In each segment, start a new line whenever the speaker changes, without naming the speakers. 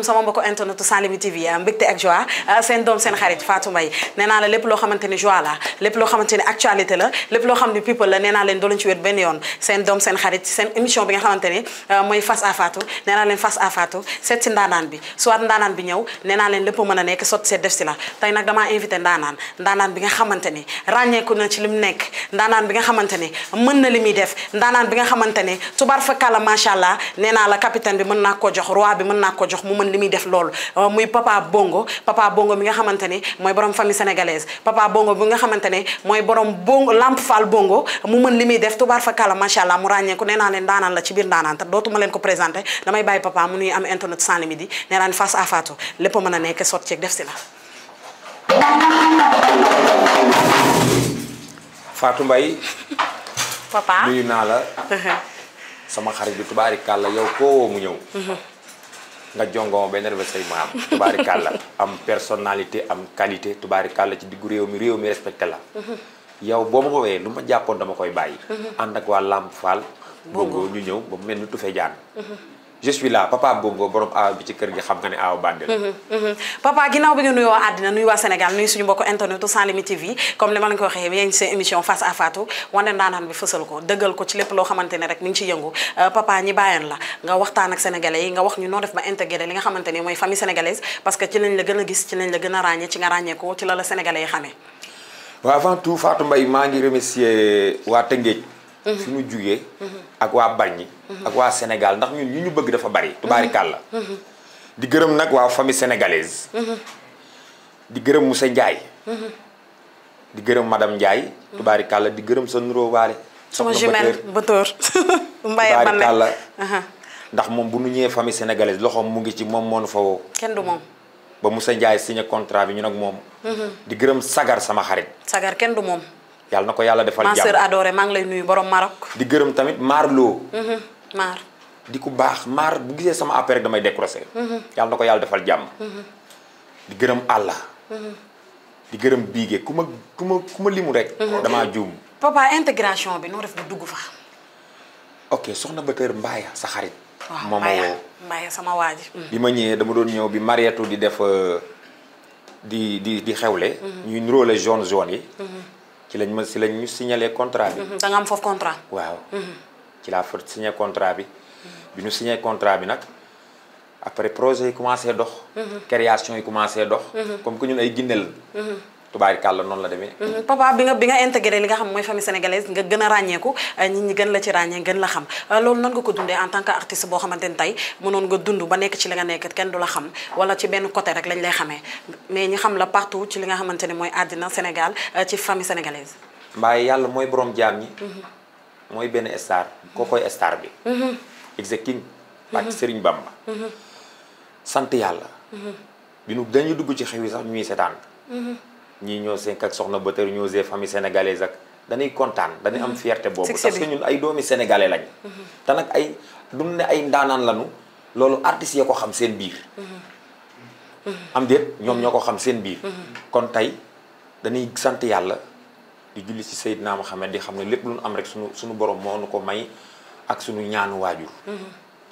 asalaamaaleykum sama mbokku internetu Sans Limites TV ah, mbégte ak joie ah, seen doom seen xarit Fatou Mbaye nee la lépp loo xamante joie la lépp loo xamante actualité la lépp loo xam ne people la nee naa leen doo leen ci wet benn bi soit ndaanaan bi ñëw nee leen lépp mën a nekk sot seet def si la tey nag damaa invité ndaanaan ndaanaan bi nga xamante ràññeeku na ci li nekk ndaanaan bi nga xamante mën na li def ndaanaan bi nga xamante tubaar li muy def lool euh, muy papa bongo papa bongo bi nga xamante ne mooy borom famille sénégalaise papa bongo bi nga xamante ne mooy borom bongo lamp fall bongo mu mën li muy def tubaar fa kala macha allah mu ràññeeku nee naa leen ndaanaan la ci biir ndaanaan te dootuma leen ko présenté damay bàyyi papa mu nuy am internet sans limite yi nee face à face lépp mën a nekk sot ceeg def si la
Fatou nga jongoma ba nerve say maam tubaari kàlla am personnalité am qualité tubaari kàlla ci diggu réew mi réew mi respecté la yow boo ma woowee lu ma jàppoon dama koy bàyyi ànd ak waa làmp faal bëggoo ñu ñëw ba mu mel ni tufee jaan je suis là papa Bongo borom aaw bi ci kër gi xam nga ne aaw bande la.
Mhm, mhm. papa ginnaaw bi nga nuyoo àddina nuyu waa Sénégal nuyu suñu mbokku internet sans limite TV comme ni ma rek mi ngi ci yëngu euh, papa ñi bàyyan la nga waxtaan ak sénégalais yi nga wax ñu noo def ba intégré li nga xamante ne mooy famille sénégalaise parce que ci lañ la gën a gis ci lañ la gën a ràññee ci nga ràññee ko ci la la sénégalais yi xamee.
waaw avant tout Fatou Mbaye maa ngi remercier waa Tëngéej suñu jugee ak waa Bargny ak waa Sénégal ndax ñun ñu ñu bëgg dafa bari tubaarikàlla di gërëm nag waa famille sénégalaise di gërëm musa Ndiaye di gërëm madame Ndiaye tubaarikàlla di gërëm sa nuroo waale sama jumelle
bëtóor mbaye tubaarikàlla
ndax moom bu nu ñëwee famille sénégalaise loxoom mu ngi ci moom moonu fa woo kenn du moom ba musa Ndiaye signé contrat bi ñu ak moom di gërëm sagar sama xarit
sagar kenn du moom
yàlla na ko yàlla defal jàmm ma sœur adorée ngi lay nuyu borom Maroc. di gërëm tamit maar loo.
Mhm, maar.
di ku baax maar bu gisee sama appel rek damay décroché. Mhm. yàlla na ko yàlla defal jàmm. Mhm. di gërëm àlla. di gërëm biige ku ma ku ma ku ma limu rek. dama juum.
papa intégration bi noo def ba dugg fa.
ok soxna Bator Mbaaya sa xarit. waaw Mbaaya
Mbaaya sama waa bi
ma ñëwee dama doon ñëw bi Mariétou di def euh, di di di xewle. ñuy niróole jaune jaune yi. ci lañ ma si lañ ñu signaler contrat bi. Mhm,
da nga am contrat. waaw mhm.
ci laa fa signé contrat bi bi ñu signé contrat bi nag après projet yi commencé dox. Mhm. création yi commencé dox. comme que ñun ay Guinée tubaarikàlla noonu la demee. Mm-hmm.
papa bi nga bi nga intégré li nga xam mooy famille sénégalaise nga gën a ràññeeku euh, ñi gën la ci ràññee gën la xam euh, loolu nan ko dundee en tant que artiste boo xamante ni tey mënoon nga dund ba nekk ci li nga nekk kenn du la xam wala ci benn côté rek lañ lay xamee mais ñi xam la partout ci li nga xamante ne mooy àddina Sénégal euh, ci famille sénégalaise.
mbaay yàlla mooy borom jaam ñi. Mm-hmm. mooy benn star koo koy star bi. Mm-hmm. exacting ñii ñoo seen ak soxna ba tey ñoo see famille sénégalaise ak dañuy kontaan dañuy am mm-hmm. fierté boobu. parce que ay doomi sénégalais lañ. Mm-hmm. te nag ay du ne ay ndaanaan lañu loolu artistes ya ko xam seen biir.
Mm-hmm.
am déet ñoom ñoo ko xam seen biir. kon tey dañuy sant yàlla di julli ci Seydina Muhammad di xam ne lépp lu nu am rek sunu sunu borom moo nu ko may ak sunu ñaanu waajur.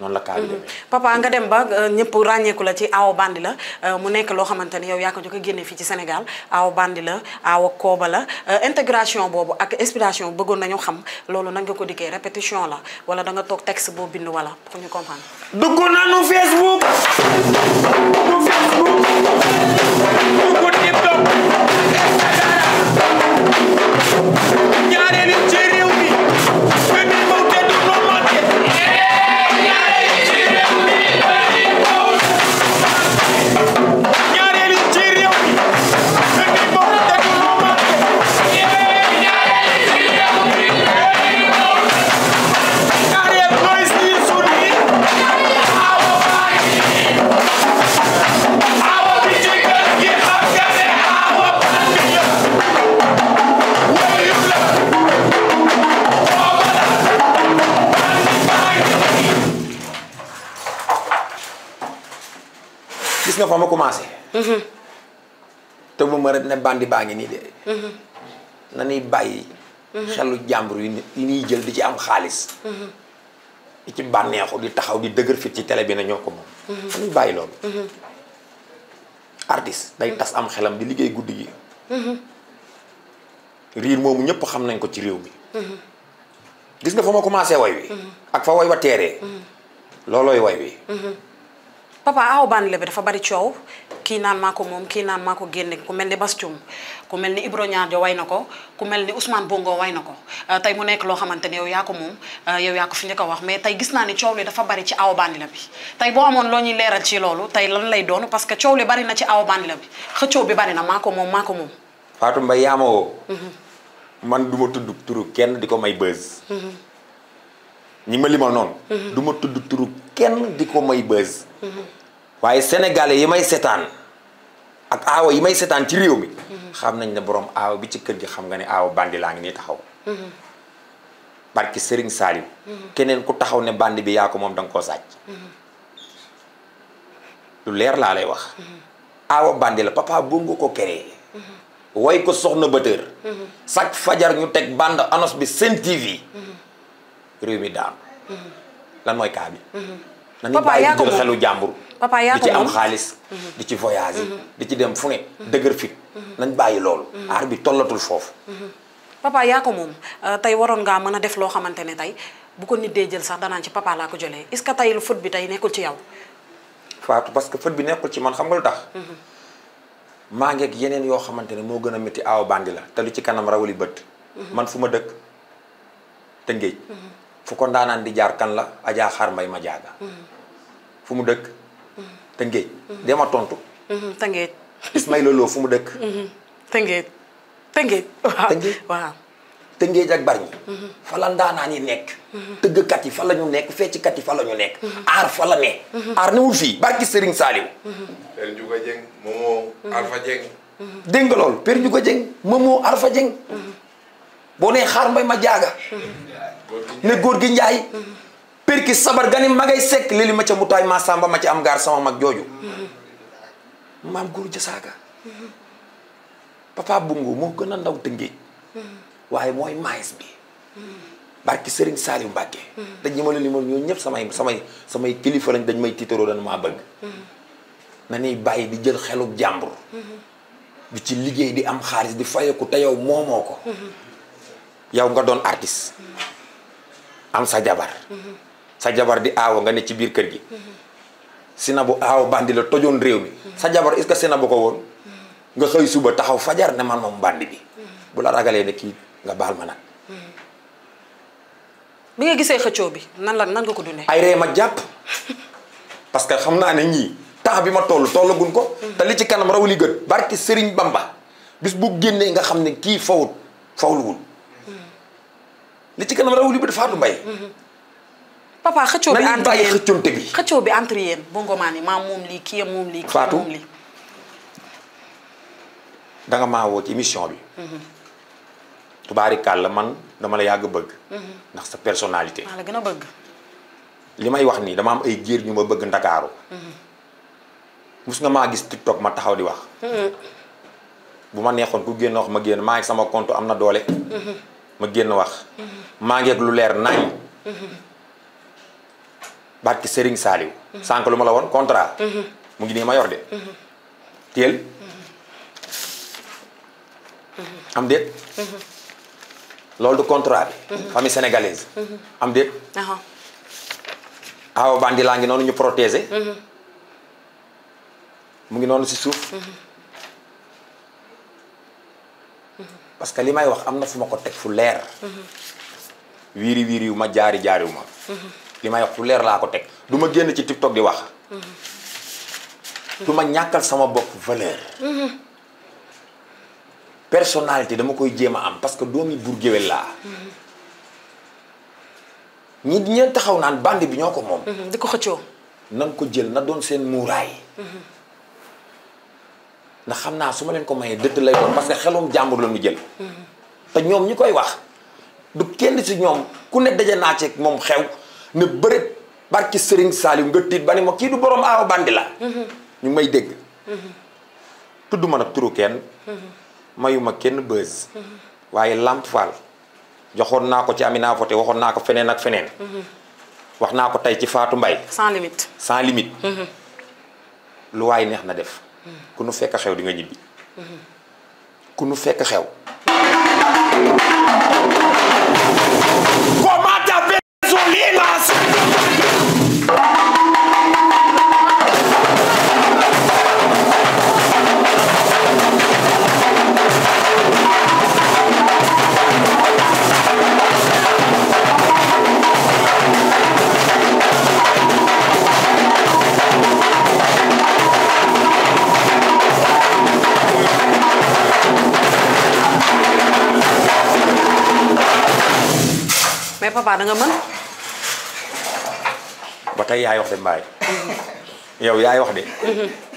noonu la kaa mm-hmm.
papa nga dem ba euh, ñëpp ràññeeku la ci Awa Bandi la euh, mu nekk loo xamante ni yow yaa ko jëkk a génnee fii ci senegal Awa Bandi la Awa Kooba la euh, integration boobu ak inspiration bëggoon nañu xam loolu nan nga ko dikkee répétition la wala da nga toog texte boo bind wala pour ñu comprendre.
dugg nañu Facebook Mm-hmm. tëbuma rek ne bandi baa ngi nii de mm-hmm. na ñuy bàyyi
mm-hmm. xelu
jàmbur yi ñuy jël di ci am xaalis di ci bànneexu di taxaw di dëgër fit ci tele bi na ñoo ko moom na ñuy bàyyi loolu artiste day tas am xelam di liggéey guddi gi riir moomu ñëpp xam nañ ko ci réew mi gis nga fa ma commencé way wi ak fa way wa teeree loolooy way wi
papa Awa Bandele bi dafa bari coow kii naan maa ko moom kii naan maa ko mel ni Bass Thioung ku mel ni Ibro Ñaajo na ko ku euh, mu nekk loo xamante ne yow yaa ko moom euh, yow yaa ko fi njëkk wax mais tey gis naa ni coow li dafa bari ci Awa Bandele bi tey boo amoon loo ñuy leeral ci loolu tey lan lay doon parce que coow li bari na ci Awa Bandele bi xëccoo bi bari na maa ko moom maa ko moom
Fatou Mbaye yaa ma mhm. man du ma tudd turu kenn di ko may buzz mhm. ñi ma limal noonu mhm. du ma waaye sénégalais yi may seetaan ak aawa yi may setaan ci réew mi mhm. xam nañ ne boroom aawa bi ci kër gi xam nga ni aawa bandi laa ngi nii taxaw mhm. barki Serigne Saliou mhm. keneen ku taxaw ne bandi bi yaa ko moom da nga koo sàcc lu leer laa lay wax aawa bandi la papa bongo ko créé way ko soxna bëtër chaque fajar ñu teg bande annonce bi Sen TV réew mi daanu lan mooy kaa papa yaa ko moom nañu bàyyi di ci am xaalis. di ci voyage mhm. di ci dem fu ne. dëgër fit nañ bàyyi loolu. Mhm. aar bi tollatul foofu.
Mhm. papa yaa ko moom euh, tey waroon ngaa mën a def loo xamante ne tey bu ko nit dee jël sax danaan ci papa laa ko jëlee est-ce que tey lu fët bi tey nekkul ci yow.
Fatou parce que fët bi nekkul ci man xam nga lu tax. maa ngeeg yeneen yoo xamante ne moo gën a métti aaw bandi la te lu ci kanam rawali bët. man fu ma dëkk Tëngéej fu ko ndaanaan di jaar kan la Adja Xaar Mbay ma jaaga mm-hmm. fu mu dëkk
mm-hmm.
Tëngéej mm-hmm. dama tontu Tëngéej Ismaïla Lo fu mu dëkk Tëngéej Tëngéej waaw Tëngéej ak Bargny fa la ndaanaan yi nekk tëggkat yi fa la ñu nekk fecckat yi fa la ñu nekk aar fa la ne aar newul fii barki Sëriñ Saaliw Père Ndiouga Dieng Momo Alpha Dieng dégg nga loolu Père Ndiouga Dieng Momo boo nee Xaar Mbay ma jaaga ne góor gi njaay perki sabar gani magay sekk léegi ma ca mu ma samba ma ci am gaar sama mag jooju maam góor jasaaga papa bungo moo gën a ndaw tëngéej waaye mooy maïs bi barki sëriñ Saaliw Mbàkke dañ ñi ma ñëpp samay samay samay kilifa lañ dañ may tiitaroo dañ maa bëgg na ni bàyyi di jël xelub jàmbur di ci liggéey di am xaalis di fayeku te yow moomoo ko yow nga doon artiste am sa jabar sa jabar di aawo nga ne ci biir kër gi Sinabu aawo bandi la tojoon réew mi sa jabar est-ce Sinabu ko woon nga xëy suba taxaw fajar ne man mu bandi bi bu la ragalee ne kii nga baal ma nag
bi nga gisee xëccoo bi nan la nan nga ko dundee ay ree ma
jàpp parce que xam naa ne ñii temps bi ma toll tollagun ko te li ci kanam rawli gët barki Sëriñ Bamba bis bu génnee nga xam ne kii fawut fawluwul li ci kanam rawul bi dafa àndu mbay.
papa xëccoo bi entre yéen xëccoonte bi. xëccoo bi entre yéen bongo maa ne maa moom lii kii moom lii. kii moom
lii danga maa woo ci émission bi. Mhm. tubaarikàlla man dama la yàgg bëgg. Mhm. ndax sa personnalité. maa la gën a bëgg. li may wax nii dama am ay géer ñu ma bëgg ndakaaru mhm. mus nga maa gis tiktok ma taxaw di wax. bu ma neexoon ku génn wax ma génn maa ngi sama compte am na doole. ma génn wax maa ngi ak lu leer nañ barki Serigne Saliou sànq lu ma la woon contrat mu ngi nii ma de téel am déet loolu du contrat famille sénégalaise am déet awa bandi laa ngi noonu ñu protéger mu ngi noonu si suuf parce que li may wax am na fu ma ko teg fu leer. wiiri wiiri wu ma jaari jaari wu ma. li may wax fu leer laa ko teg du ma génn ci TikTok di wax. du ñàkkal sama bopp valeur. personnalité dama koy jéem a am parce que doomi buur géwél laa. ñi ñeen taxaw naan bandi bi ñoo ko moom. di ko xëccoo. na ko jël na doon seen muuraay. ndax xam naa su ma leen ko mayee dëdd lay doon parce que xelum jàmbur la ñu jël te ñoom ñi koy wax du kenn ci ñoom ku ne daje naa ci moom xew ne bëri barki Serigne Saliou nga tiit ba ni ma kii du borom aaw bandi la ñu may dégg tudd ma nag turu kenn mayuma kenn bës waaye Lamp Fall joxoon naa ko ci Amina Poté waxoon naa ko feneen ak feneen wax naa ko tey ci Fatou Mbaye sans limite sans limite mm-hmm. lu waay neex na def ku nu fekk xew di nga ñibbi ku nu fekk xew
mais papa da mën.
ba tey yaay wax de mbaay yow yaay wax de.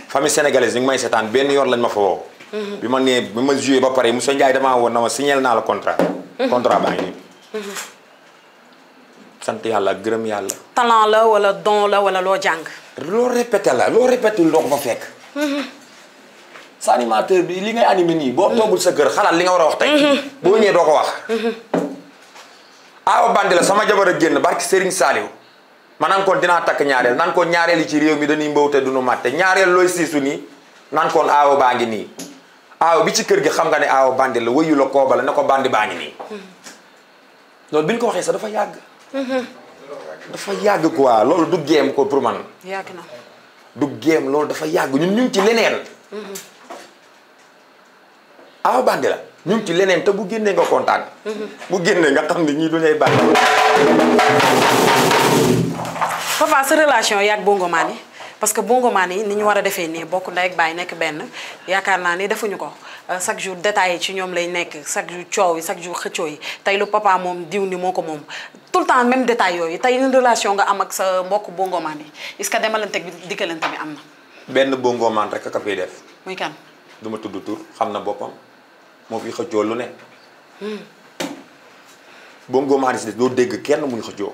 famille sénégalaise ñu ngi may seetaan benn yoon lañ ma fa woo. bi ma nee bi ma joué ba pare Moussa Ndiaye damaa woon na ma signal naa la contrat. contrat baa ngi nii. sant yàlla gërëm yàlla.
talent la wala don la wala loo jàng.
loo répété la loo répété loo ko fa fekk. sa animateur bi li ngay animé nii. boo toogul sa kër xalaat li nga war a wax tey. boo ñëwee doo ko wax. Awa Bandi la sama jabar a génn barki Serigne Saliou ma naan koon dinaa takk ñaareel naan koon ñaareel yi ci réew mi dañuy mbaw te duñu matte ñaareel looy siisu nii naan koon aawa baa ngi nii aaw bi ci kër gi xam nga ne aawa bandi la wëyu la kooba la ko bandi baa ngi ko waxee sax dafa yàgg dafa yàgg loolu du géem ko pour man yàgg na du loolu dafa yàgg ñu ngi ci leneen aawa la ñu ci leneen te bu génnee nga kontaan. bu génnee nga xam ne ñii du ñuy bàyyi.
papa sa relation yaag Bongo yi parce que Bongo Mané yi ni ñu war a defee nii bokk ndey ak baay nekk benn yaakaar naa ni defuñu ko euh, chaque jour détails yi ci ñoom lay nekk chaque jour coow yi chaque jour xëccoo yi tey lu papa moom diw ni moo ko moom tout le temps même détail yooyu tey une relation nga am ak sa mbokk Bongo yi est-ce que demalante bi dikkalante bi am na.
benn Bongo Mané rek ka fay ma tudd xam na boppam. moo fi xëccoo lu ne. bongo maa si des doo dégg kenn muy xëccoo.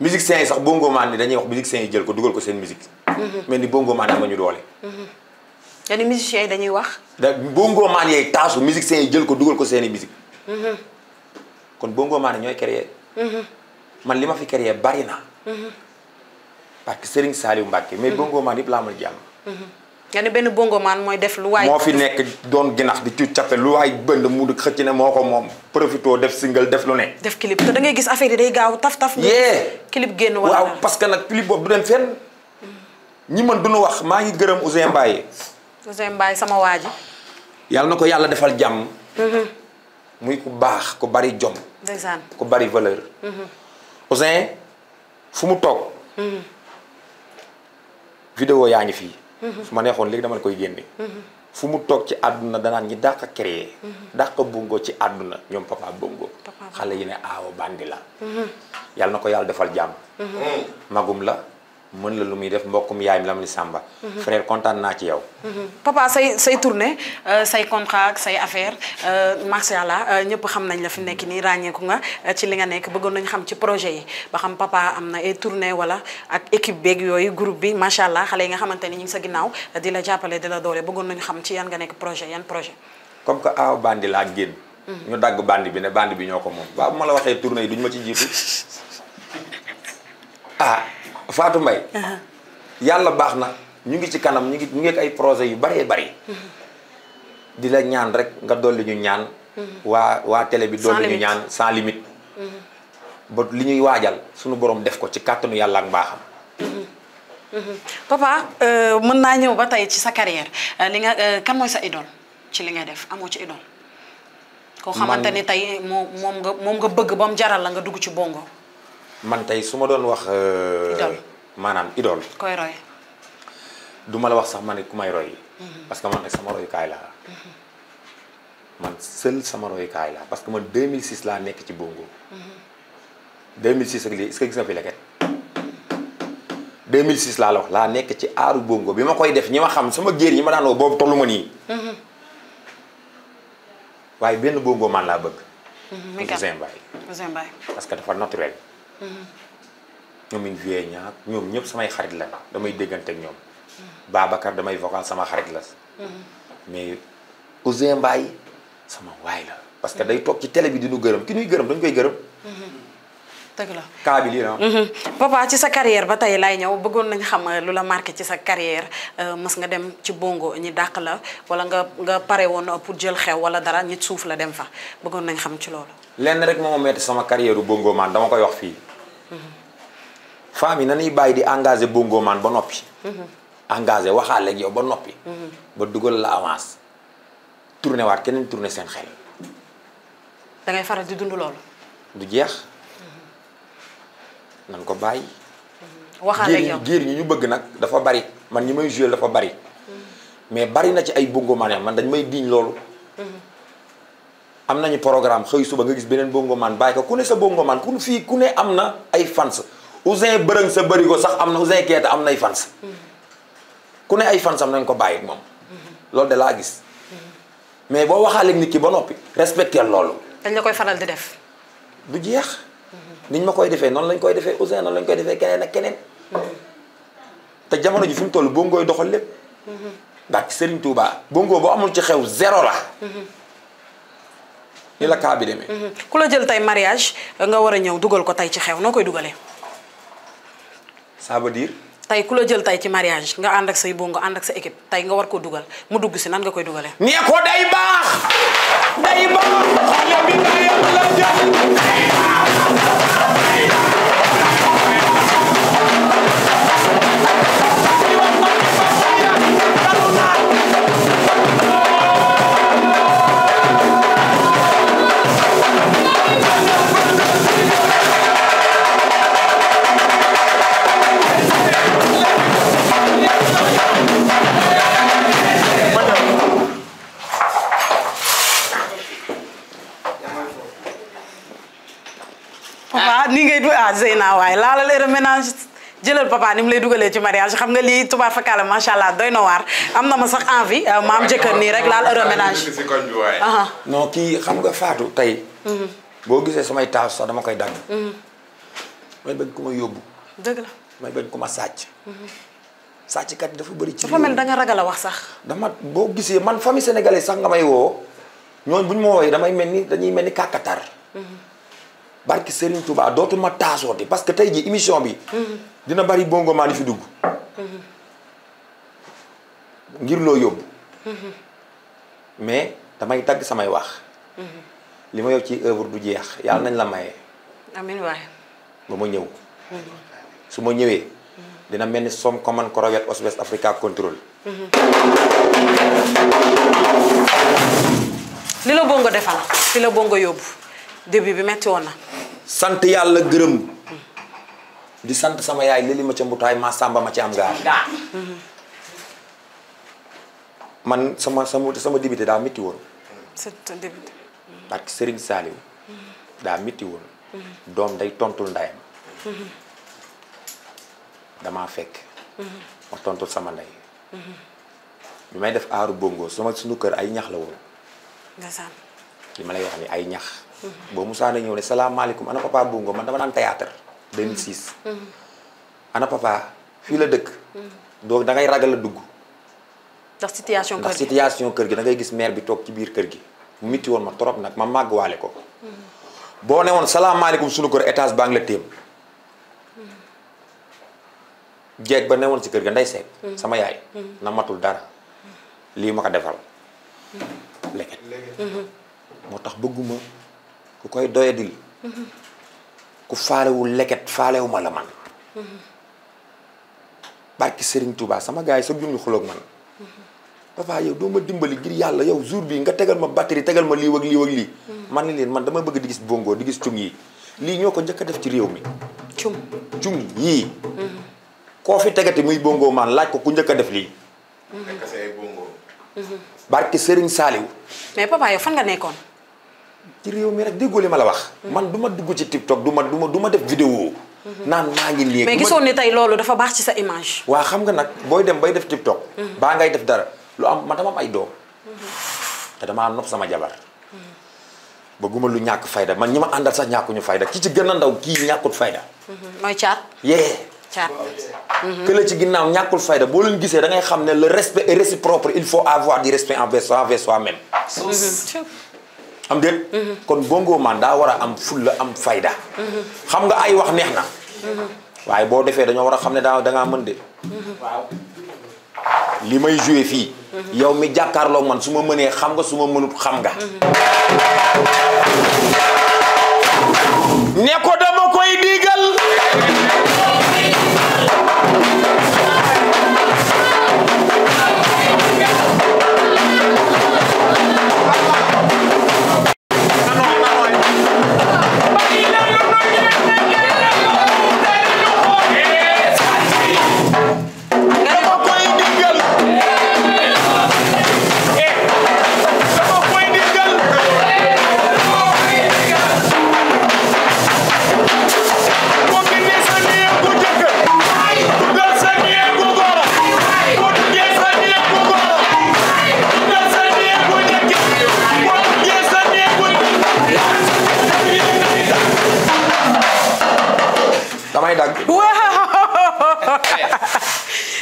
musiciens yi sax bongo maa ni dañuy wax musiciens yi jël ko dugal ko seen musique. ni bongo maa ñu doole.
dañuy yi dañuy wax.
da bongo maa yooyu taasu yi jël ko dugal ko seen i musique. kon bongo maa ñooy créer. man li ma fi créer bari na. parce que Serigne Saliou Mbacke mais bongo maa yëpp laa amal jàmm.
nga ne benn bongomaan mooy def lu waay. moo fi nekk
doon ginax di ci cappe lu waay bënd mu di xëcc ne moo ko moom profito def single def lu ne.
def clip te da ngay gis affaire yi day gaaw taf taf. yee
génn wala waaw parce que nag clip boobu du dem fenn. ñi mën du ñu wax maa ngi gërëm Ousseyn Mbaye.
Ousseyn Mbaye sama waa
yàlla na ko yàlla defal jàmm. Mm-hmm. muy ku baax ku bari jom. ndeysaan ku bari valeur. Mm-hmm. Ousseyn fu mu toog. Mm-hmm. vidéo yaa ngi fii. su ma neexoon léegi dama la koy génne. fu mu toog ci àdduna danaan ñi dàq a créé. dàq a bongo ci àdduna ñoom papa bongo. xale yi ne aawa bandi la. yàlla na ko yàlla defal jàmm.
Mm.
magum la. mën la lu muy def mbokkum yaayam lam li sàmba mhm. frère kontaan naa ci yow.
Mhm. papa say say tournée euh, say contrat say affaire euh, macha allah euh, ñëpp xam nañ la fi nekk nii ràññeeku nga ci li nga nekk bëggoon nañ xam ci projet yi ba xam papa am na ay tournée wala ak équipe yooyu groupe bi macha allah yi nga xamante ni ñu sa ginnaaw di la jàppale di la doole bëggoon nañu xam ci yan nga nekk projet yan
projet. comme que aw bandi laa génn. Mhm. ñu dagg bandi bi ne bandi bi ñoo ko moom waaw bu ma la waxee tournée yi duñu ma ci jiitu ah. Fatou Mbaye yàlla baax na ñu ngi ci kanam ñu ngi ñu ngi ay projet yu bëree bëri mhm. di la ñaan rek nga dolli ñu ñaan mhm. waa waa télé bi dolli ñu ñaan sans limite mhm. ba li ñuy waajal suñu borom def ko ci kàttanu yàlla ak mbaaxam
papa euh, mën naa ñëw ba tey ci sa carrière euh, li nga euh, kan mooy sa idole ci li ngay def amoo ci idole koo xamante ni tey moom moom nga moom nga bëgg ba mu jaral la nga dugg ci bongo
man tey su ma doon wax. Euh, idole maanaam idole.
koy
roy.
du la wax sax man ku may roy. Mhm. parce que man rek sama royukaay laa. Mhm. man seul sama royukaay laa parce que man 2006 laa nekk ci bongo. 2006 mhm. ak lii est-ce que gis laa la wax laa nekk ci aaru bongo bi ma koy def ñi ma xam sama géer ñi ma daan woo boobu tollu ma nii. waaye benn bongo man laa bëgg.
muy parce
que dafa naturel. Mm-hmm. ñoom ñu vié ñaar ñoom ñëpp samay xarit la damay déggante ak ñoom.
Mm-hmm.
Babacar damay vocal sama xarit la.
Mm-hmm.
mais Ouzin Mbaye sama waay la parce que day toog ci tele bi di nu gërëm ki nuy gërëm dañ koy gërëm. teg la cas bi lii la
papa ci sa carrière ba tey lay ñëw bëggoon nañ xam euh, lu la marqué ci sa carrière euh, mas nga dem ci bongo ñi dàq la wala nga nga pare woon pour jël xew wala dara ñi suuf la dem fa bëggoon nañ xam ci loolu.
lenn rek moo ma sama carrière bongo man dama koy wax fii. femmes yi na ñuy bàyyi di engagé bongo man ba noppi. engagé waxaale ak ba noppi. ba dugal la avance tourné waat keneen tourné seen xel.
da ngay faral di dund loolu.
du jeex. nan ko bàyyi. waxaale ak yow géer ñi ñu bëgg nag dafa bari man ñi may joué dafa bari.
Mm-hmm.
mais bari na ci ay bongo man man dañ may diñ loolu.
Mm-hmm.
am nañu programme xëy suba nga gis beneen bongo man bàyyi ko ku ne sa bongo man ku fii ku ne am na ay fans Ouzin Bërëng sa bëri ko sax am na Ouzin Keita am nay fans ku ne ay fans am nañ ko bàyyi moom loolu de laa gis mais boo waxaaleeg nit ki ba noppi respecté loolu.
dañ la koy faral di def.
du jeex. niñ ma koy defee noonu lañ koy defee Ouzin noonu lañ koy defee keneen ak keneen. te jamono ji fi mu toll bongo yi doxal lépp. ndax mhm. Serigne Touba bongo bu amul ci xew ni la cas bi demee.
Mhm. ku la jël tey mariage nga war a ñëw dugal ko tey ci xew noo koy dugalee. ça veut dire. ku la jël tey ci mariage nga ànd ak say bongo ànd ak sa équipe tey nga war koo dugal mu dugg si nan nga koy dugalee.
nee ko day baax day baax.
waaw Zeyna waaye laala leer ménage jëlal papa ni mu lay dugalee ci mariage xam nga lii tubaab fakkaale macha allah doy na waar am na ma sax envie euh, maam jëkkër nii rek laal heure ménage
non kii xam nga faatu tey mhm. boo gisee samay taas sax dama koy dagg mhm. may bañ ku ma yóbbu dëgg la may bañ ku ma sàcc
mhm.
kat dafa bëri ci dafa
mel da ragal a wax sax
dama boo gisee man famille sénégalais sax nga may woo ñooñ bu ñu ma wooyee damay mel ni dañuy mel ni kàkkatar barki Serigne Touba dootuma taasooti parce que tey ji émission bi. dina bari bongo maa di fi dugg. ngir loo yóbbu. mais damay tagg samay wax. li ma yor ci œuvre du jeex yàlla nañ la maye.
ba
ma ñëw. su ma ñëwee. dina mel ni som common corowet os africa control. li la bongo defal li la bongo yóbbu. début bi metti woon na. sant yàlla gërëm. di sant sama yaay lili ma ca mbutaay ma sàmba ma ci am gaar. man sama sama sama début daa métti woon. doom day tontul ndayam. damaa fekk. ma tontul sama ndey. bi may def aaru su sama suñu kër ay ñax la woon. li ma lay wax ni ay ñax. boo Moussa na ñëw ne salaamaaleykum ana papa Bongo man dama daan théâtre 2006. ana papa fii la dëkk. donc da ngay ragal a dugg.
ndax situation kër gi ndax
situation kër gi da ngay gis mère bi toog ci biir kër gi. mu mitti woon ma trop nag ma màgg waale ko. boo ne woon salaamaaleykum sunu kër étage baa ngi la téem. jeeg ba ne woon si kër gi nday seet. sama yaay. na matul dara lii ma ko defal. léegi moo tax bëgguma ku koy doyadil ku faalewul leket faalewu ma la man barki sëriñ Touba sama gaa yi sa jun ñu xuloog man dafa yow doo ma dimbali ngir yàlla yow jour bi nga tegal ma batterie tegal ma lii wag lii wag lii man ni leen man dama bëgg di gis bongo di gis cung yi lii ñoo ko njëkk def ci réew mi cung cung yii koo fi tegati muy bongo man laaj ko ku njëkk a def lii
mhm.
barki Serigne Saliou
mais papa yow fan nga nekkoon
ci réew mi rek déggoo li ma la wax. man du ma dugg ci TikTok du ma du ma du ma def vidéo. naan maa ngi léegi mais gisoon ni
tey loolu dafa baax ci sa image.
waa xam nga nag booy dem bay def TikTok. baa ngay def dara lu am man dama am ay doom. te damaa nopp sama jabar. bëgguma lu ñàkk fayda man ñi ma àndal sax ñàkkuñu fayda ki ci gën a ndaw kii ñàkkut fayda.
Mm-hmm. mooy caat. yee. caat. Mm-hmm. kële ci
ginnaaw ñàkkul fayda boo leen gisee da ngay xam ne respect est il faut avoir am déet. kon bongo man daa war a am fulla am fayda. xam nga ay wax neex na. waaye boo defee dañoo war a xam ne daa da mën de. li may joué fii. yow mi jàkkaarloog man su ma mënee xam nga su ma mënut xam nga. ne ko dama koy digal.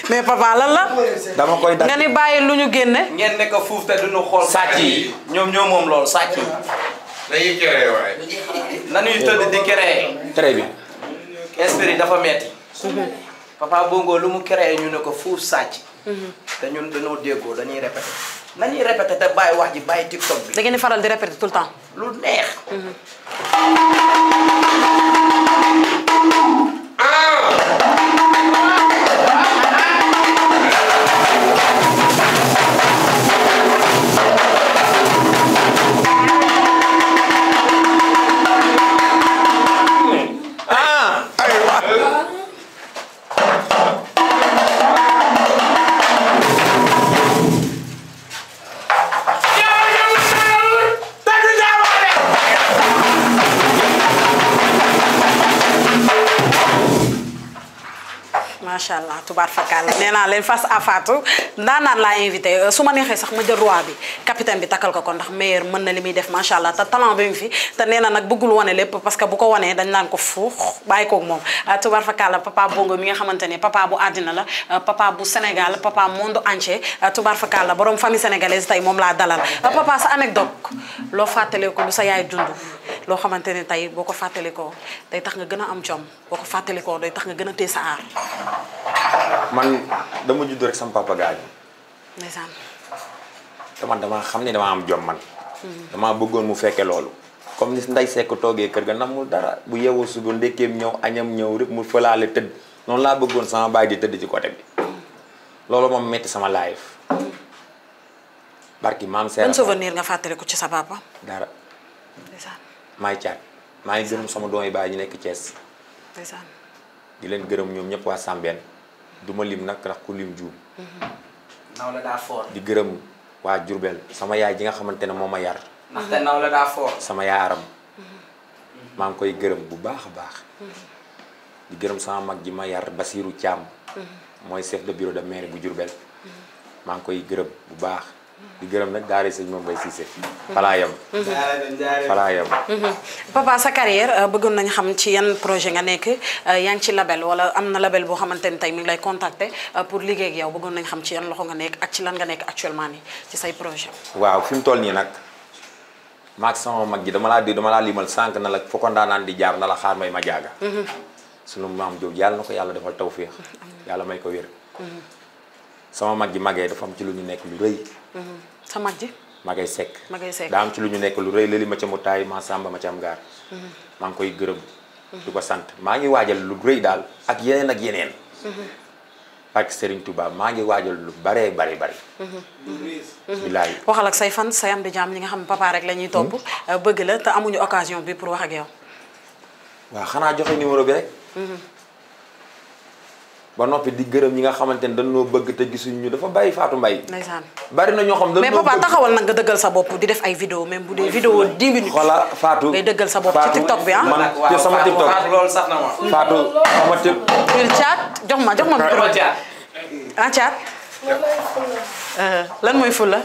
mais papa lan
la. dama koy dagg nga
ni bàyyi lu ñu génne.
ngeen nekk fuuf te duñu xool. sàcc yi ñoom ñoo moom lool sàcc yi. dañuy kéré waaye. nañuy tëdd di kéré. très bien. esprit dafa metti mhm. papa Bongo lu mu créé ñu ne ko fuuf sàcc. Mhm. te ñun dañoo déggoo dañuy répété. nañuy répété te bàyyi wax ji
bàyyi tiktok bi. da ngeen faral di répété tout le temps. lu neex. Mhm. Ah! macha allah tubaar fakal nee naa leen face à Fatou ndaanaan laa invité euh, su ma neexee sax ma jël roi bi capitaine bi takkal ko ko ndax meilleur mën na li muy def macha allah te talent bi mu fi te nee na nag bëggul wane lépp parce que bu ko wanee dañ naan ko fuux bàyyi koog moom euh, tubaar fakal papa bongo mi nga xamante ne papa bu àddina la euh, papa bu Sénégal papa monde entier tubaar fakal borom famille sénégalaise tey moom laa dalal papa sa anecdote loo fàttalee ko lu sa yaay dund loo xamante ne tey boo ko fàttalikoo day tax nga gën a am jom boo ko fàttalikoo tax nga gën a téye sa
man dama judd rek sama papa gaañu. ndeysaan. te xam ne dama am jom man. damaa bëggoon mu fekke loolu. comme ni nday sekk toogee kër ga ndax mu dara bu yeewoo suba ndekkeem ñëw añam ñëw rek mu fëlaale tëdd noonu laa bëggoon sama baay di tëdd ci côté bi. loolu moom metti sama life. barki maam Seydou. ban souvenir
nga fàttaliku ci sa papa. dara. ndeysaan.
maay caat maa ngi gërëm sama doomi baay ñu nekk cees ndeysaan. di leen gërëm ñoom ñëpp waa Sambeen du lim nag ndax ku lim juum. naw la daa foor di gërëm waa Jurbel sama yaay ji nga xamante ne moo ma yar. daa foor sama yaaram. maa ngi koy gërëm bu baax a baax. di gërëm sama mag ji ma yar Basirou Thiam.
Mm-hmm.
mooy chef de bureau de maire bu Jurbel. maa ngi koy gërëm bu baax. di gërëm nag daara sëñ Mame Mbaye Cissé falaayam
falaayam mhm. papa sa carrière euh, bëggoon nañ xam ci yan projet nga nekk euh, yaa ngi ci label wala am na label boo xamante ni tey mi lay contacter euh, pour liggéey ak yow bëggoon nañ xam ci yan loxo nga nekk ak ci lan nga nekk actuellement ni ci say projet
waaw fi mu toll nii nag maag sama mag ji dama la di dama laa limal sànq na la foo ko naan di jaar na la xaar may ma jaaga mhm. sunu maam Diop yàlla na ko yàlla defal tawféex mhm. yàlla may ko wér sama mag ji magee dafa am ci lu ñu nekk lu rëy.
Mm-hmm. sa mag ji. magay sekk magay sekk daa am
ci lu ñu nekk lu rëy lëli ma ci mu taay ma sàmba ma ci am gaar. Mm-hmm. maa ngi koy gërëm. Mm-hmm. di ko sant maa ngi waajal lu rëy daal ak yeneen ak yeneen. ak Serigne Touba maa ngi waajal lu bare bare bare.
bilaay waxal ak say fan say am di jàmm nga xam ne rek lañuy ñuy topp. Euh, bëgg la te amuñu occasion bi pour wax ak yow.
waaw xanaa joxe numéro bi rek. ba noppi di gërëm ñi nga xamante ne dañoo bëgg te gisuñu ñu dafa bàyyi Fatou Mbaye ndeysaan bari na ñoo xam dañoo mais papa taxawal nag nga dëggal sa bopp di def ay vidéo même bu dee vidéo dix minutes voilà Fatou ngay dëggal sa bopp ci TikTok bi ah man sama TikTok
loolu sax na ma ma jox ma micro ah caat euh, lan mooy fulla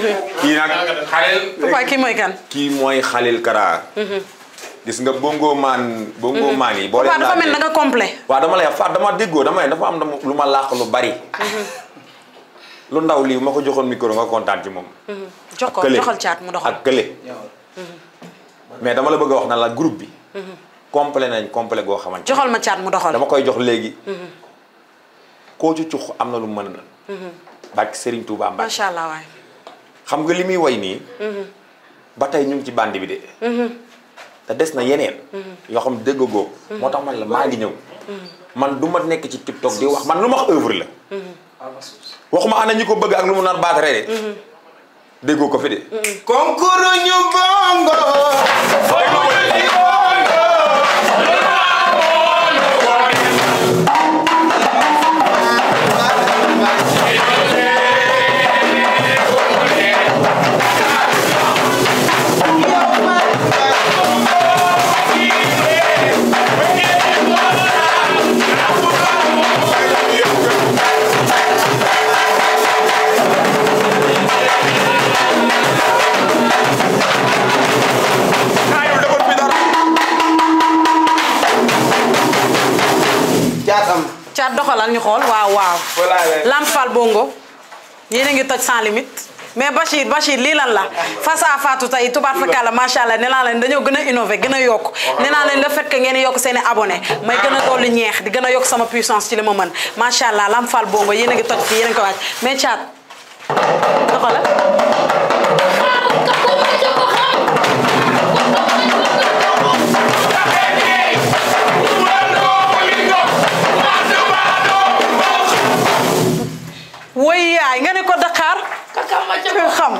kii nag xalil. papa kii mooy kan. kii mooy xalil Kara. gis nga bongo maan. bongo mhm. maan yi boo leen dafa a na complet. waaw dama lay fa dama déggoo dama dafa am lu ma làq lu bari. Mhm. lu ndaw lii ma ko joxoon micro nga kontaan ci moom.
Mhm. jox ko joxal caat mu doxal
mais dama la bëgg wax na la groupe bi. complet nañ complet goo xamante joxal
ma caat mu doxal dama koy
jox léegi. koo ci am na lu mën na. barke Serigne Touba Mbacke macha allah waay. xam nga li muy woy nii. Mm-hmm. ba tey ñu ngi ci bande bi de. Mm-hmm. te des na yeneen. Mm-hmm. yoo dégg googu. moo tax man la maa ngi ñëw. man du ma nekk ci tiktok di wax man lu ma wax œuvre la. waxuma ana ñi ko bëgg ak lu mu naan baat rek de. déggoo ko fi de. concours ñu bongo.
caat doxalal ñu xool waaw waaw. Lamp Fall Bongo. yéen a ngi toj sans limite. mais Bachir Bachir lii lan la face à Fatou tey tubaab fakkaa la macha allah nee naa leen dañoo gën a innové gën a yokk nee naa leen le ngeen yokk seen i abonné may gën a dolli ñeex di gën a yokk sama puissance ci li ma mën macha allah Lamp Fall Bongo yéen a ngi toj fii yéen a ngi mais caat doxalal way yaay nga ne ko Dakar ka xam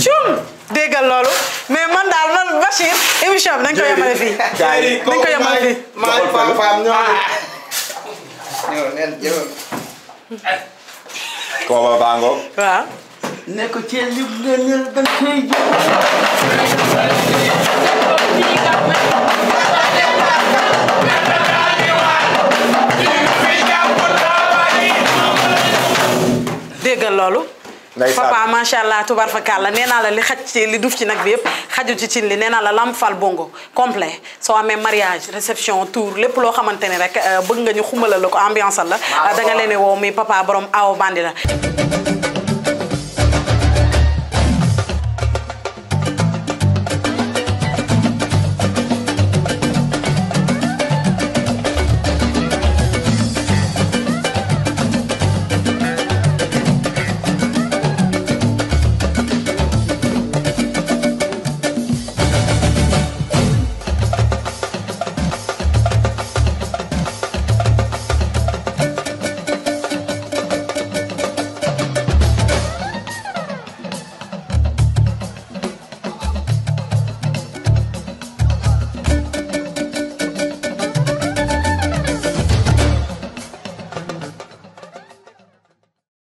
cum déggal loolu mais man daal man Bachir émission bi nañ ko yemale fii nañ
ko yemale fii comment va Bango waaw ne ko ceeb a gën
cee
déggal loolu papa macha allah tubar fa kàlla nee naa la li xaj ci li duuf ci nag bi yëpp xaju ci cin li nee naa la lamp fal bongo complet soo amee mariage réception tour lépp loo xamante ne rek euh, bëgg nga ñu xumalal la ko ambiance la danga nga leen woo mi papa borom aw bandi la